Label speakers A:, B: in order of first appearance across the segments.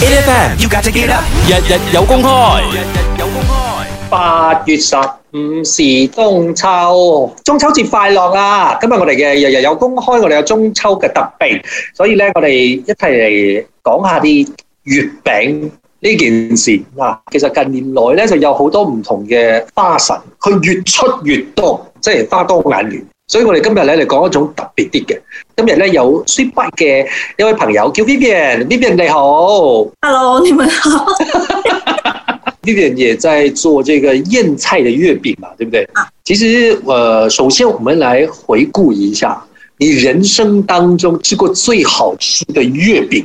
A: A F M，You g o 日日有公開，日日有公開。八月十五是中秋，中秋節快樂啊！今日我哋嘅日日有公開，我哋有中秋嘅特備，所以咧，我哋一齊嚟講下啲月餅呢件事嗱。其實近年來咧，就有好多唔同嘅花神，佢越出越多，即係花多眼亂。所以我哋今日咧嚟講一種特別啲嘅，今日咧有 Super 嘅一位朋友叫 Vivian，Vivian Viv 你好，Hello 你們好 ，Vivian 也在做這個燕菜的月餅嘛，對唔對？啊、其實，我、呃、首先我們來回顧一下你人生當中吃過最好吃的月餅。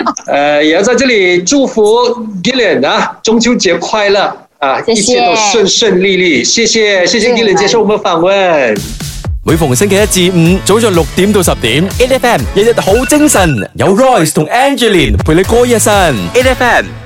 A: 呃，也要在這裏祝福 Gillian 啊，中秋節快樂啊，謝謝，一切都順順利利，謝謝，謝謝 Gillian 接受我們訪問。謝謝。每逢星期一至五，早上六點到十點，NFM，日日好精神，有 Royce 同 Angelin 陪你過一生 NFM。